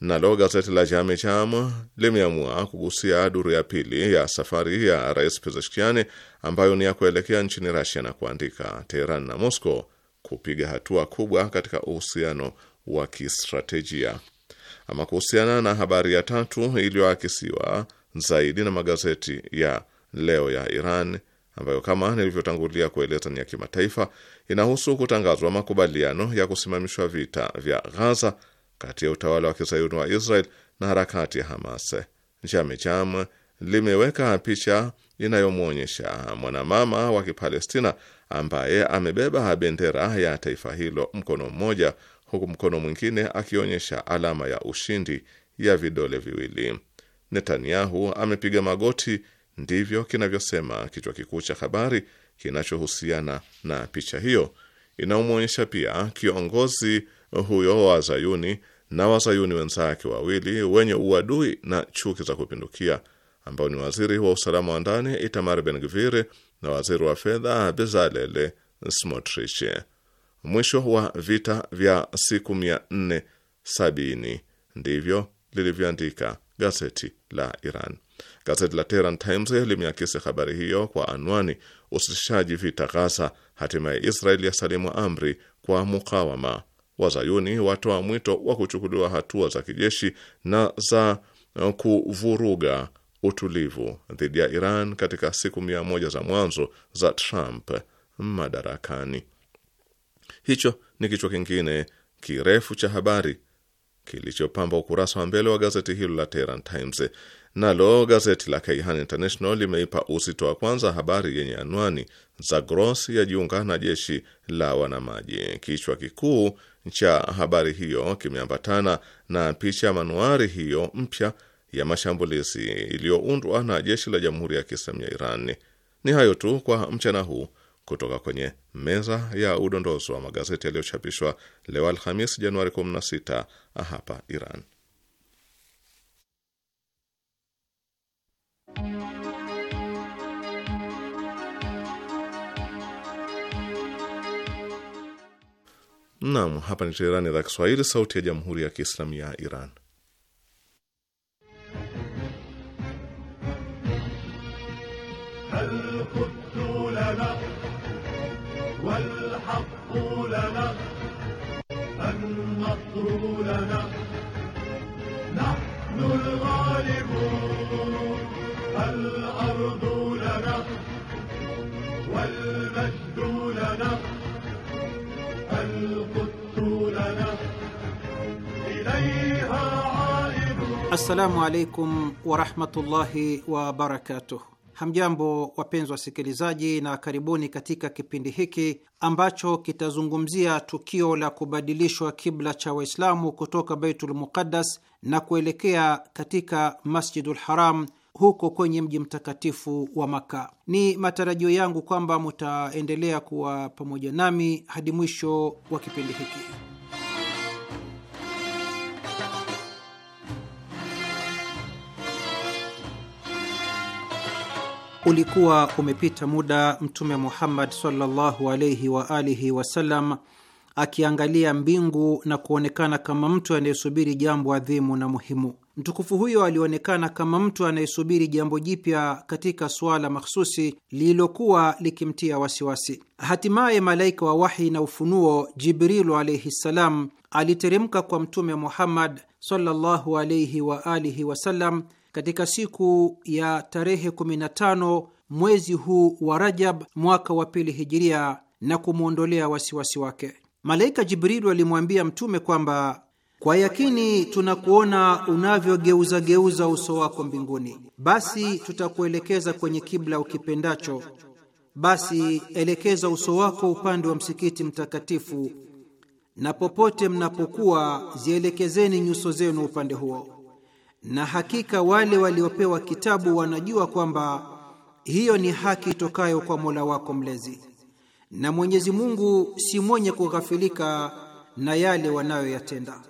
Nalo gazeti la Jame Jam limeamua kugusia duru ya pili ya safari ya Rais Pezeshkiani ambayo ni ya kuelekea nchini Rasia na kuandika Teheran na Moscow kupiga hatua kubwa katika uhusiano wa kistratejia. Ama kuhusiana na habari ya tatu iliyoakisiwa zaidi na magazeti ya leo ya Iran ambayo kama nilivyotangulia kueleza ni ya kimataifa. Inahusu kutangazwa makubaliano ya kusimamishwa vita vya Ghaza kati ya utawala wa kizayuni wa Israel na harakati ya Hamas. Jamejam limeweka picha inayomwonyesha mwanamama wa Kipalestina ambaye amebeba bendera ya taifa hilo mkono mmoja, huku mkono mwingine akionyesha alama ya ushindi ya vidole viwili. Netanyahu amepiga magoti, ndivyo kinavyosema kichwa kikuu cha habari kinachohusiana na picha hiyo. Inamwonyesha pia kiongozi huyo wa Zayuni na wazayuni wenzake wawili wenye uadui na chuki za kupindukia ambao ni waziri wa usalama wa ndani Itamar Ben Gvir na waziri wa fedha Bezalel Smotrich. Mwisho wa vita vya siku mia nne sabini ndivyo lilivyoandika gazeti la Iran. Gazeti la Tehran Times limeakisi habari hiyo kwa anwani usitishaji vita Ghaza, hatimaye Israel yasalimu amri kwa mukawama. Wazayuni watoa mwito wa kuchukuliwa hatua za kijeshi na za uh, kuvuruga utulivu dhidi ya Iran katika siku mia moja za mwanzo za Trump madarakani. Hicho ni kichwa kingine kirefu cha habari kilichopamba ukurasa wa mbele wa gazeti hilo la Tehran Times. Nalo gazeti la Kaihan International limeipa uzito wa kwanza habari yenye anwani za ya yajiunga na jeshi la wanamaji. Kichwa kikuu cha habari hiyo kimeambatana na picha manuari hiyo mpya ya mashambulizi iliyoundwa na jeshi la Jamhuri ya Kiislamu ya Iran. Ni hayo tu kwa mchana huu kutoka kwenye meza ya udondozi wa magazeti yaliyochapishwa leo Alhamis, Januari 16 hapa Iran. Naam, hapa ni Teherani, idhaa Kiswahili, sauti ya jamhuri ya kiislamu ya Iran. Assalamu alaikum warahmatullahi wabarakatuh. Hamjambo wapenzi wasikilizaji, na karibuni katika kipindi hiki ambacho kitazungumzia tukio la kubadilishwa kibla cha Waislamu kutoka Baitul Muqaddas na kuelekea katika Masjidul Haram huko kwenye mji mtakatifu wa Maka. Ni matarajio yangu kwamba mutaendelea kuwa pamoja nami hadi mwisho wa kipindi hiki. Ulikuwa umepita muda, Mtume Muhammad sallallahu alaihi wa alihi wasallam akiangalia mbingu na kuonekana kama mtu anayesubiri jambo adhimu na muhimu. Mtukufu huyo alionekana kama mtu anayesubiri jambo jipya katika suala makhususi lililokuwa likimtia wasiwasi. Hatimaye malaika wa wahi na ufunuo Jibrilu alaihi ssalam aliteremka kwa Mtume Muhammad sallallahu alaihi wa alihi wasallam katika siku ya tarehe 15 mwezi huu wa Rajab mwaka wa pili hijiria na kumwondolea wasiwasi wake. Malaika Jibrilu alimwambia Mtume kwamba kwa yakini tunakuona unavyogeuzageuza uso wako mbinguni, basi tutakuelekeza kwenye kibla ukipendacho, basi elekeza uso wako upande wa msikiti mtakatifu, na popote mnapokuwa zielekezeni nyuso zenu upande huo na hakika wale waliopewa kitabu wanajua kwamba hiyo ni haki itokayo kwa Mola wako mlezi, na Mwenyezi Mungu si mwenye kughafilika na yale wanayoyatenda.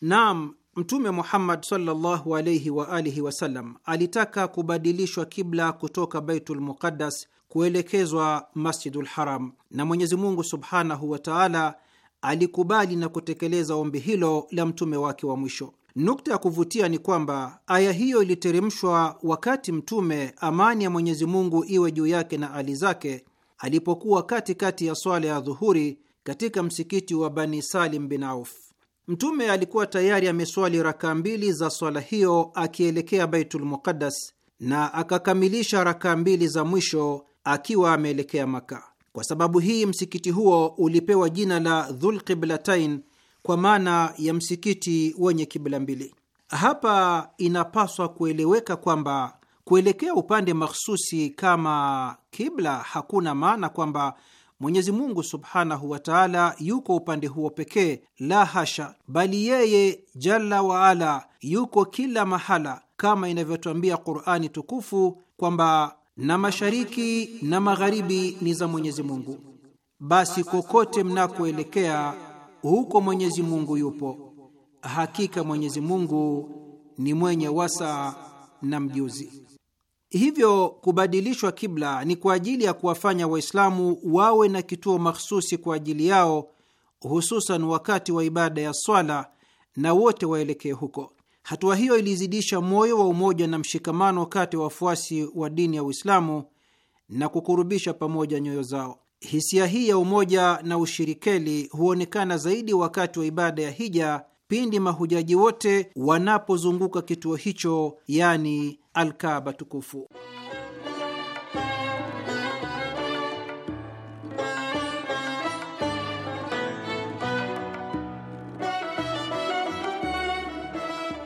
Naam, Mtume Muhammad sallallahu alayhi wa alihi wasallam alitaka kubadilishwa kibla kutoka Baitul Muqaddas kuelekezwa Masjidul Haram, na Mwenyezi Mungu subhanahu wa taala alikubali na kutekeleza ombi hilo la mtume wake wa mwisho. Nukta ya kuvutia ni kwamba aya hiyo iliteremshwa wakati Mtume, amani ya Mwenyezi Mungu iwe juu yake na ali zake, alipokuwa katikati kati ya swala ya dhuhuri katika msikiti wa Bani Salim bin Auf. Mtume alikuwa tayari ameswali rakaa mbili za swala hiyo akielekea Baitul Muqaddas na akakamilisha rakaa mbili za mwisho akiwa ameelekea Maka. Kwa sababu hii msikiti huo ulipewa jina la Dhulqiblatain kwa maana ya msikiti wenye kibla mbili. Hapa inapaswa kueleweka kwamba kuelekea upande mahsusi kama kibla hakuna maana kwamba Mwenyezi Mungu subhanahu wa taala yuko upande huo pekee, la hasha, bali yeye jalla waala yuko kila mahala, kama inavyotwambia Qurani tukufu kwamba na mashariki na magharibi ni za Mwenyezi Mungu, basi kokote mnakoelekea huko Mwenyezi Mungu yupo. Hakika Mwenyezi Mungu ni mwenye wasaa na mjuzi. Hivyo kubadilishwa kibla ni kwa ajili ya kuwafanya Waislamu wawe na kituo mahsusi kwa ajili yao, hususan wakati wa ibada ya swala, na wote waelekee huko. Hatua hiyo ilizidisha moyo wa umoja na mshikamano kati ya wafuasi wa dini ya Uislamu na kukurubisha pamoja nyoyo zao. Hisia hii ya umoja na ushirikeli huonekana zaidi wakati wa ibada ya hija, pindi mahujaji wote wanapozunguka kituo hicho, yani alkaba tukufu.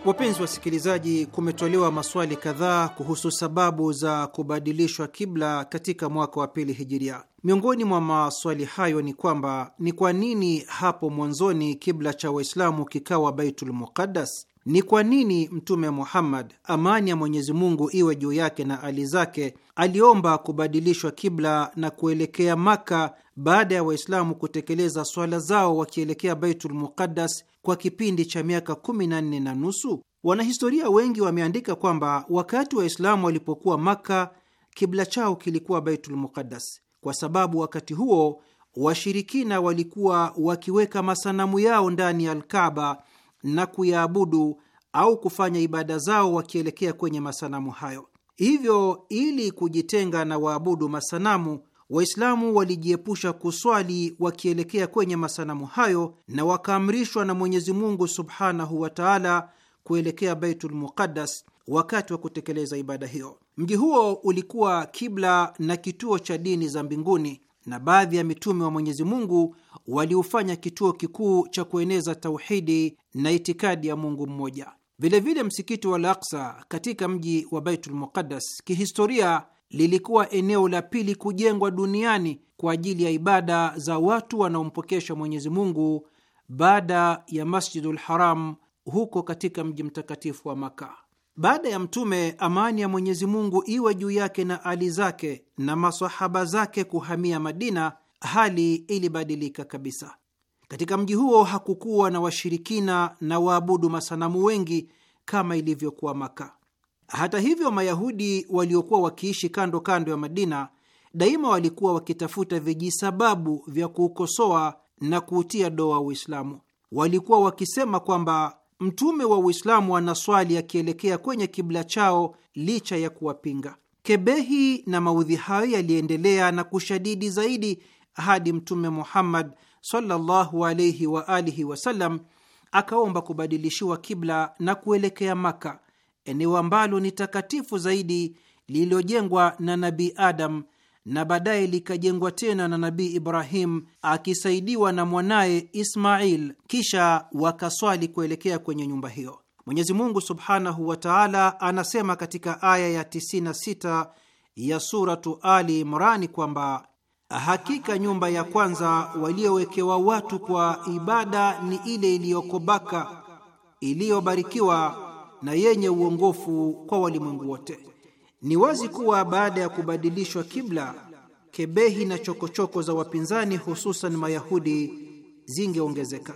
Wapenzi wasikilizaji, kumetolewa maswali kadhaa kuhusu sababu za kubadilishwa kibla katika mwaka wa pili hijiria. Miongoni mwa maswali hayo ni kwamba ni kwa nini hapo mwanzoni kibla cha Waislamu kikawa Baitul Muqaddas? Ni kwa nini Mtume Muhammad, amani ya Mwenyezi Mungu iwe juu yake na ali zake, aliomba kubadilishwa kibla na kuelekea Maka baada ya Waislamu kutekeleza swala zao wakielekea Baitul Muqaddas kwa kipindi cha miaka 14 na na nusu? Wanahistoria wengi wameandika kwamba wakati Waislamu walipokuwa Maka, kibla chao kilikuwa Baitul Muqaddas kwa sababu wakati huo washirikina walikuwa wakiweka masanamu yao ndani ya Alkaba na kuyaabudu au kufanya ibada zao wakielekea kwenye masanamu hayo. Hivyo, ili kujitenga na waabudu masanamu, Waislamu walijiepusha kuswali wakielekea kwenye masanamu hayo na wakaamrishwa na Mwenyezi Mungu subhanahu wa taala kuelekea Baitul Muqaddas wakati wa kutekeleza ibada hiyo. Mji huo ulikuwa kibla na kituo cha dini za mbinguni, na baadhi ya mitume wa Mwenyezi Mungu waliofanya kituo kikuu cha kueneza tauhidi na itikadi ya Mungu mmoja. Vilevile msikiti wa Al-Aqsa katika mji wa Baitul Muqaddas kihistoria lilikuwa eneo la pili kujengwa duniani kwa ajili ya ibada za watu wanaompokesha Mwenyezi Mungu baada ya Masjidul Haram huko katika mji mtakatifu wa Maka. Baada ya Mtume, amani ya Mwenyezi Mungu iwe juu yake na ali zake na masahaba zake, kuhamia Madina, hali ilibadilika kabisa. Katika mji huo hakukuwa na washirikina na waabudu masanamu wengi kama ilivyokuwa Maka. Hata hivyo, Mayahudi waliokuwa wakiishi kando kando ya Madina daima walikuwa wakitafuta vijisababu vya kuukosoa na kuutia doa Uislamu. Walikuwa wakisema kwamba mtume wa Uislamu anaswali akielekea kwenye kibla chao licha ya kuwapinga. Kebehi na maudhi hayo yaliendelea na kushadidi zaidi hadi Mtume Muhammad sallallahu alayhi wa alihi wasallam akaomba kubadilishiwa kibla na kuelekea Maka, eneo ambalo ni takatifu zaidi lililojengwa na Nabii Adam na baadaye likajengwa tena na Nabii Ibrahim akisaidiwa na mwanaye Ismail, kisha wakaswali kuelekea kwenye nyumba hiyo. Mwenyezi Mungu subhanahu wa taala anasema katika aya ya 96 ya Suratu Ali Imrani kwamba Hakika nyumba ya kwanza waliowekewa watu kwa ibada ni ile iliyoko Baka, iliyobarikiwa na yenye uongofu kwa walimwengu wote. Ni wazi kuwa baada ya kubadilishwa kibla, kebehi na chokochoko choko za wapinzani, hususan Mayahudi, zingeongezeka.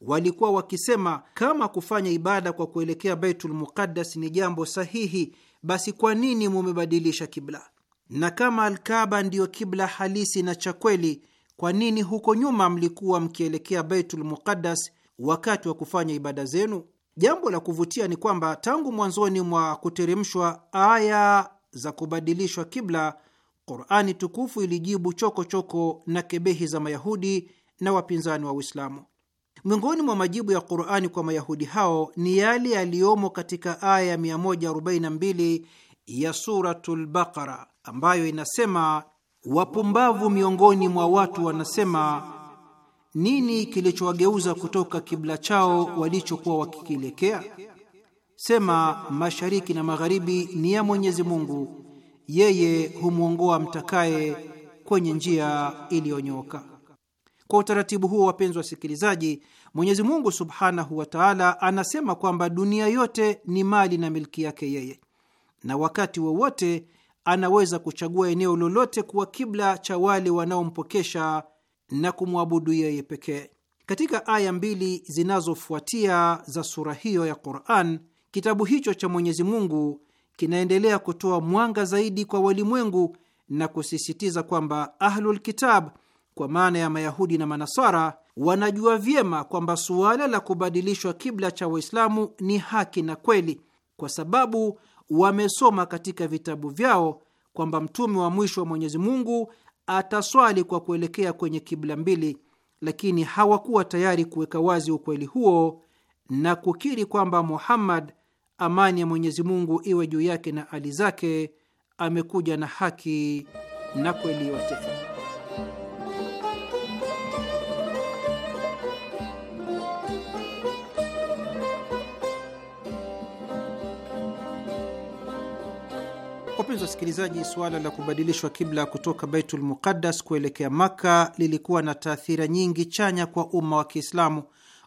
Walikuwa wakisema kama kufanya ibada kwa kuelekea Baitul Muqaddas ni jambo sahihi, basi kwa nini mumebadilisha kibla? Na kama Alkaba ndiyo kibla halisi na cha kweli, kwa nini huko nyuma mlikuwa mkielekea Baitul Muqaddas wakati wa kufanya ibada zenu? Jambo la kuvutia ni kwamba tangu mwanzoni mwa kuteremshwa aya za kubadilishwa kibla, Qurani tukufu ilijibu chokochoko choko na kebehi za Mayahudi na wapinzani wa Uislamu. Miongoni mwa majibu ya Qurani kwa Mayahudi hao ni yale yaliyomo katika aya 142 ya Suratul Baqara ambayo inasema, wapumbavu miongoni mwa watu wanasema, nini kilichowageuza kutoka kibla chao walichokuwa wakikielekea? Sema, mashariki na magharibi ni ya Mwenyezi Mungu, yeye humwongoa mtakaye kwenye njia iliyonyooka. Kwa utaratibu huo, wapenzi wasikilizaji, Mwenyezi Mungu subhanahu wa taala anasema kwamba dunia yote ni mali na milki yake yeye, na wakati wowote anaweza kuchagua eneo lolote kuwa kibla cha wale wanaompokesha na kumwabudu yeye pekee. Katika aya mbili zinazofuatia za sura hiyo ya Quran, kitabu hicho cha Mwenyezi Mungu kinaendelea kutoa mwanga zaidi kwa walimwengu na kusisitiza kwamba Ahlulkitab, kwa maana ya Mayahudi na Manasara, wanajua vyema kwamba suala la kubadilishwa kibla cha Waislamu ni haki na kweli, kwa sababu wamesoma katika vitabu vyao kwamba mtume wa mwisho wa Mwenyezi Mungu ataswali kwa kuelekea kwenye kibla mbili, lakini hawakuwa tayari kuweka wazi ukweli huo na kukiri kwamba Muhammad, amani ya Mwenyezi Mungu iwe juu yake na ali zake, amekuja na haki na kweli yote. Wapenzi wasikilizaji, suala la kubadilishwa kibla kutoka Baitul Muqaddas kuelekea Makka lilikuwa na taathira nyingi chanya kwa umma wa Kiislamu.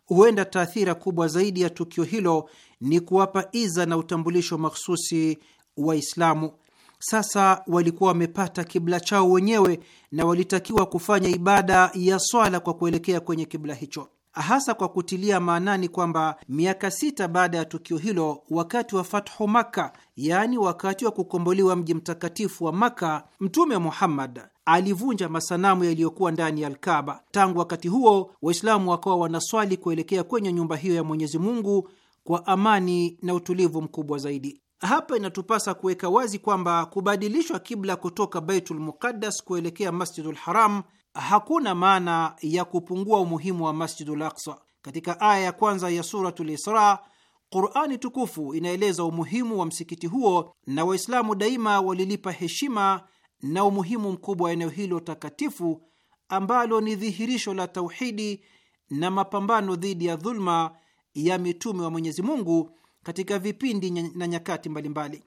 Huenda taathira kubwa zaidi ya tukio hilo ni kuwapa iza na utambulisho makhususi Waislamu. Sasa walikuwa wamepata kibla chao wenyewe na walitakiwa kufanya ibada ya swala kwa kuelekea kwenye kibla hicho hasa kwa kutilia maanani kwamba miaka sita baada ya tukio hilo, wakati wa fathu Makka, yaani wakati wa kukombolewa mji mtakatifu wa Makka, Mtume Muhammad alivunja masanamu yaliyokuwa ndani ya Alkaba. Tangu wakati huo, Waislamu wakawa wanaswali kuelekea kwenye nyumba hiyo ya Mwenyezi Mungu kwa amani na utulivu mkubwa zaidi. Hapa inatupasa kuweka wazi kwamba kubadilishwa kibla kutoka Baitul Muqaddas kuelekea Masjidul Haram hakuna maana ya kupungua umuhimu wa Masjidul Aqsa. Katika aya ya kwanza ya Suratul Isra, Qurani tukufu inaeleza umuhimu wa msikiti huo, na Waislamu daima walilipa heshima na umuhimu mkubwa wa eneo hilo takatifu ambalo ni dhihirisho la tauhidi na mapambano dhidi ya dhulma ya mitume wa Mwenyezi Mungu katika vipindi na nyakati mbalimbali.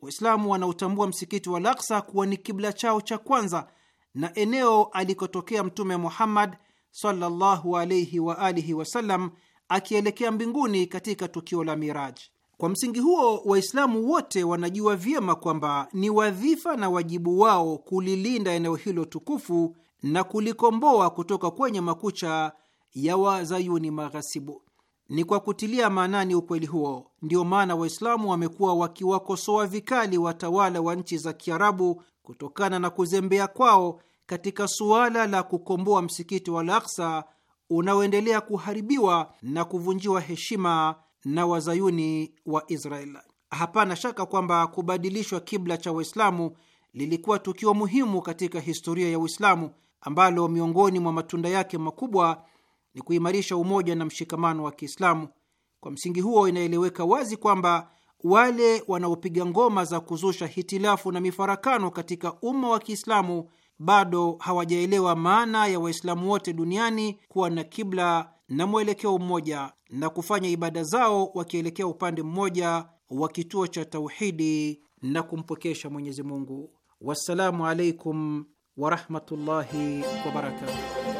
Waislamu wanautambua msikiti wa Al-Aqsa kuwa ni kibla chao cha kwanza na eneo alikotokea Mtume Muhammad sallallahu alayhi wa alihi wasallam akielekea mbinguni katika tukio la Miraji. Kwa msingi huo, Waislamu wote wanajua vyema kwamba ni wadhifa na wajibu wao kulilinda eneo hilo tukufu na kulikomboa kutoka kwenye makucha ya wazayuni maghasibu. Ni kwa kutilia maanani ukweli huo, ndio maana Waislamu wamekuwa wakiwakosoa vikali watawala wa nchi za Kiarabu kutokana na kuzembea kwao katika suala la kukomboa msikiti wa Al-Aqsa unaoendelea kuharibiwa na kuvunjiwa heshima na wazayuni wa Israel. Hapana shaka kwamba kubadilishwa kibla cha Waislamu lilikuwa tukio muhimu katika historia ya Uislamu ambalo miongoni mwa matunda yake makubwa ni kuimarisha umoja na mshikamano wa Kiislamu. Kwa msingi huo, inaeleweka wazi kwamba wale wanaopiga ngoma za kuzusha hitilafu na mifarakano katika umma wa Kiislamu bado hawajaelewa maana ya Waislamu wote duniani kuwa na kibla na mwelekeo mmoja na kufanya ibada zao wakielekea upande mmoja wa kituo cha tauhidi na kumpokesha Mwenyezi Mungu. Wassalamu alaikum warahmatullahi wabarakatuh.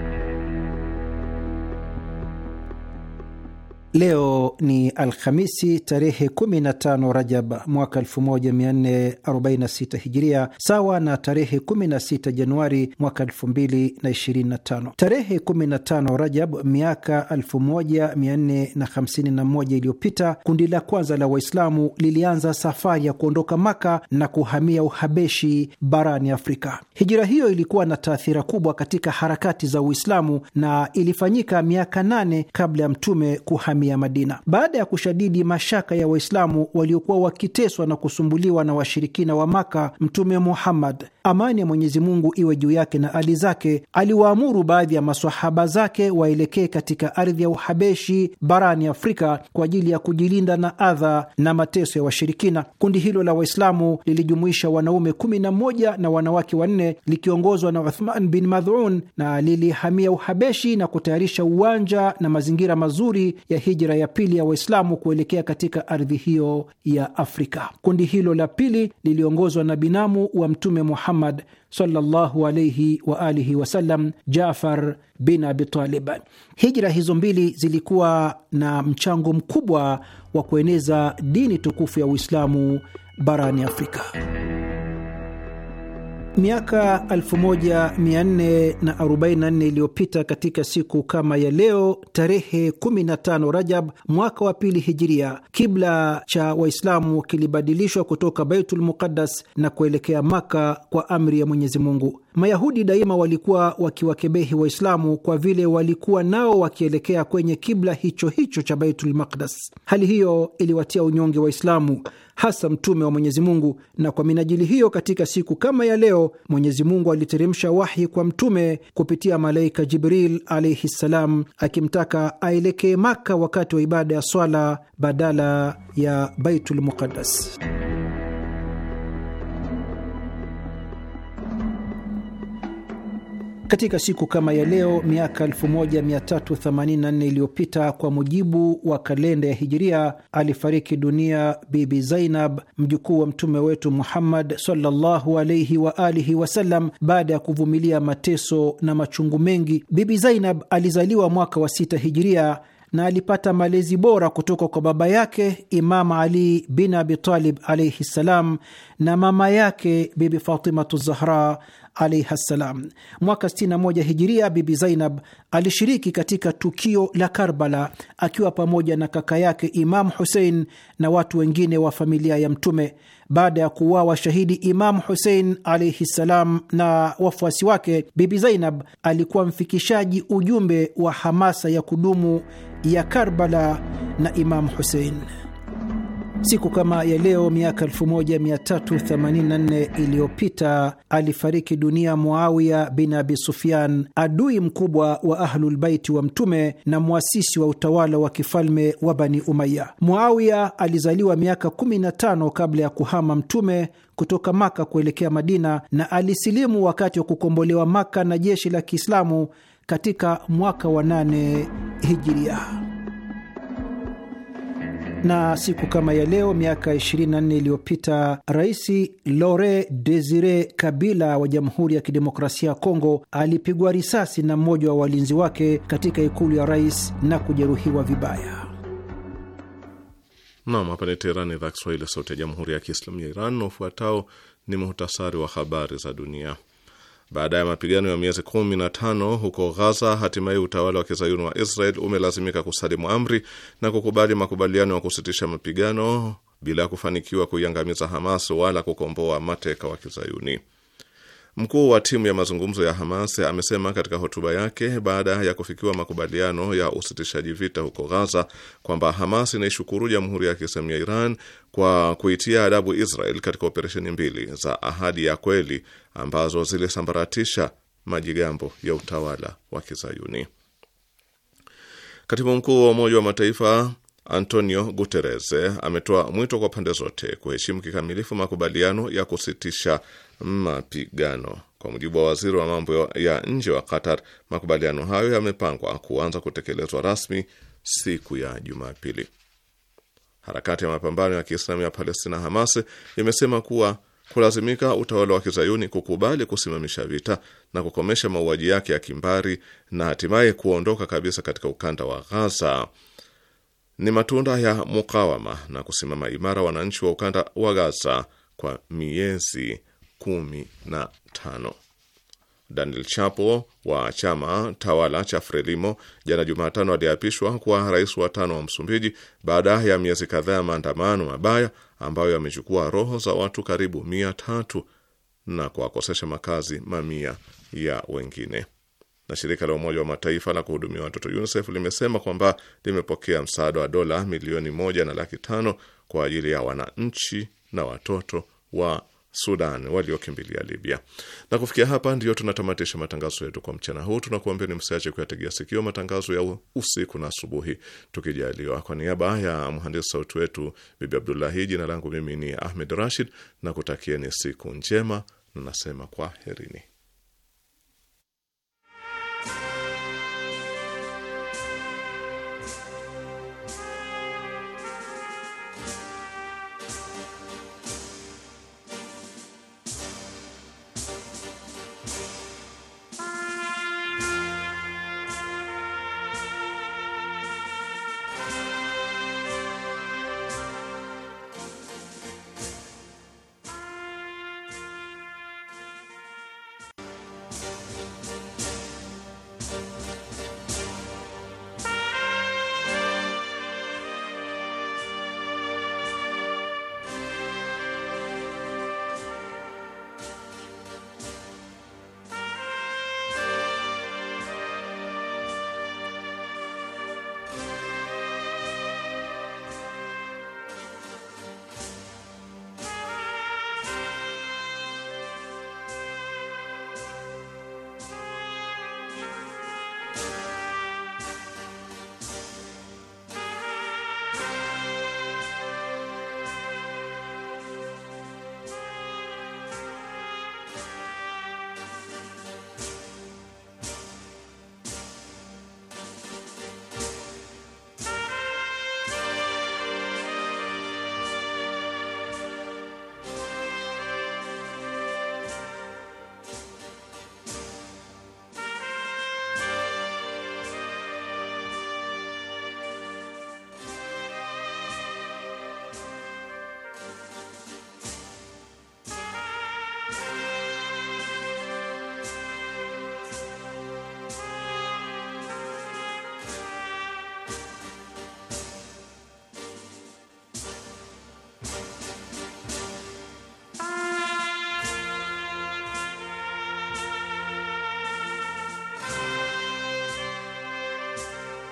Leo ni Alhamisi tarehe 15 Rajab mwaka 1446 Hijiria, sawa na tarehe 16 Januari mwaka 2025. Tarehe 15 Rajab miaka 1451 iliyopita, kundi la kwanza la Waislamu lilianza safari ya kuondoka Maka na kuhamia Uhabeshi barani Afrika. Hijira hiyo ilikuwa na taathira kubwa katika harakati za Uislamu na ilifanyika miaka 8 kabla ya Mtume kuhamia ya Madina. Baada ya kushadidi mashaka ya Waislamu waliokuwa wakiteswa na kusumbuliwa na washirikina wa Maka, Mtume Muhammad amani ya Mwenyezi Mungu iwe juu yake na ali zake, aliwaamuru baadhi ya masahaba zake waelekee katika ardhi ya Uhabeshi barani Afrika kwa ajili ya kujilinda na adha na mateso ya washirikina. Kundi hilo la Waislamu lilijumuisha wanaume kumi na moja na wanawake wanne likiongozwa na Uthman bin Madhun na lilihamia Uhabeshi na kutayarisha uwanja na mazingira mazuri ya hijra ya pili ya Waislamu kuelekea katika ardhi hiyo ya Afrika. Kundi hilo la pili liliongozwa na binamu wa Mtume Muhammad Muhammad sallallahu wa alihi wasallam, Jafar bin Abitalib. Hijra hizo mbili zilikuwa na mchango mkubwa wa kueneza dini tukufu ya Uislamu barani Afrika. Miaka 1444 iliyopita katika siku kama ya leo tarehe 15 Rajab mwaka wa pili hijiria, kibla cha Waislamu kilibadilishwa kutoka Baitul Muqaddas na kuelekea Maka kwa amri ya Mwenyezi Mungu. Mayahudi daima walikuwa wakiwakebehi Waislamu kwa vile walikuwa nao wakielekea kwenye kibla hicho hicho cha Baitul Makdas. Hali hiyo iliwatia unyonge Waislamu, hasa Mtume wa Mwenyezi Mungu, na kwa minajili hiyo, katika siku kama ya leo, Mwenyezi Mungu aliteremsha wahi kwa Mtume kupitia malaika Jibril alaihi ssalam, akimtaka aelekee Maka wakati wa ibada ya swala badala ya Baitul Muqaddas. Katika siku kama ya leo miaka 1384 iliyopita kwa mujibu wa kalenda ya Hijiria, alifariki dunia Bibi Zainab, mjukuu wa mtume wetu Muhammad sallallahu alaihi wa alihi wasallam, baada ya kuvumilia mateso na machungu mengi. Bibi Zainab alizaliwa mwaka wa sita Hijiria na alipata malezi bora kutoka kwa baba yake Imam Ali bin Abi Talib alaihi ssalam na mama yake Bibi Fatimatu Zahra alaihi ssalam. Mwaka 61 hijiria, Bibi Zainab alishiriki katika tukio la Karbala akiwa pamoja na kaka yake Imam Husein na watu wengine wa familia ya Mtume. Baada ya kuuawa shahidi Imam Husein alaihi ssalam na wafuasi wake, Bibi Zainab alikuwa mfikishaji ujumbe wa hamasa ya kudumu ya Karbala na Imam Husein. Siku kama ya leo miaka 1384 iliyopita alifariki dunia Muawiya bin Abi Sufyan, adui mkubwa wa Ahlulbaiti wa Mtume na mwasisi wa utawala wa kifalme wa Bani Umaya. Muawiya alizaliwa miaka 15 kabla ya kuhama Mtume kutoka Maka kuelekea Madina na alisilimu wakati wa kukombolewa Maka na jeshi la Kiislamu katika mwaka wa 8 Hijiria na siku kama ya leo miaka 24 iliyopita Rais lore Desire Kabila wa Jamhuri ya Kidemokrasia ya Kongo alipigwa risasi na mmoja wa walinzi wake katika ikulu ya rais na kujeruhiwa vibaya. Nam, hapa ni Teherani, idhaa Kiswahili, sauti ya Jamhuri ya Kiislamu ya Iran, na ufuatao ni muhtasari wa habari za dunia. Baada ya mapigano ya miezi tano huko Ghaza, hatimaye utawala wa kizayuni wa Israel umelazimika kusalimu amri na kukubali makubaliano ya kusitisha mapigano bila kufanikiwa kuiangamiza Hamas wala kukomboa mateka wa kizayuni. Mkuu wa timu ya mazungumzo ya Hamas amesema katika hotuba yake baada ya kufikiwa makubaliano ya usitishaji vita huko Gaza kwamba Hamas inaishukuru Jamhuri ya Kiislamu ya Iran kwa kuitia adabu Israel katika operesheni mbili za ahadi ya kweli ambazo zilisambaratisha majigambo ya utawala wa Kizayuni. Katibu mkuu wa Umoja wa Mataifa Antonio Guterres ametoa mwito kwa pande zote kuheshimu kikamilifu makubaliano ya kusitisha mapigano. Kwa mujibu wa waziri wa mambo ya nje wa Qatar, makubaliano hayo yamepangwa kuanza kutekelezwa rasmi siku ya Jumapili. Harakati ya mapambano ya Kiislamu ya Palestina, Hamas, imesema kuwa kulazimika utawala wa kizayuni kukubali kusimamisha vita na kukomesha mauaji yake ya kimbari na hatimaye kuondoka kabisa katika ukanda wa Ghaza ni matunda ya mukawama na kusimama imara wananchi wa ukanda wa Gaza kwa miezi kumi na tano. Daniel Chapo wa chama tawala cha Frelimo jana Jumatano aliapishwa kuwa rais wa tano wa Msumbiji baada ya miezi kadhaa ya maandamano mabaya ambayo yamechukua roho za watu karibu mia tatu na kuwakosesha makazi mamia ya wengine. Na shirika la Umoja wa Mataifa la kuhudumia watoto UNICEF limesema kwamba limepokea msaada wa dola milioni moja na laki tano kwa ajili ya wananchi na watoto wa Sudan waliokimbilia Libya. Na kufikia hapa ndiyo tunatamatisha matangazo yetu kwa mchana huu. Tunakuambia ni msiache kuyategea sikio matangazo ya usiku na asubuhi tukijaliwa. Kwa niaba ya mhandisi sauti wetu Bibi Abdullahi, jina langu mimi ni Ahmed Rashid na kutakieni siku njema na nasema herini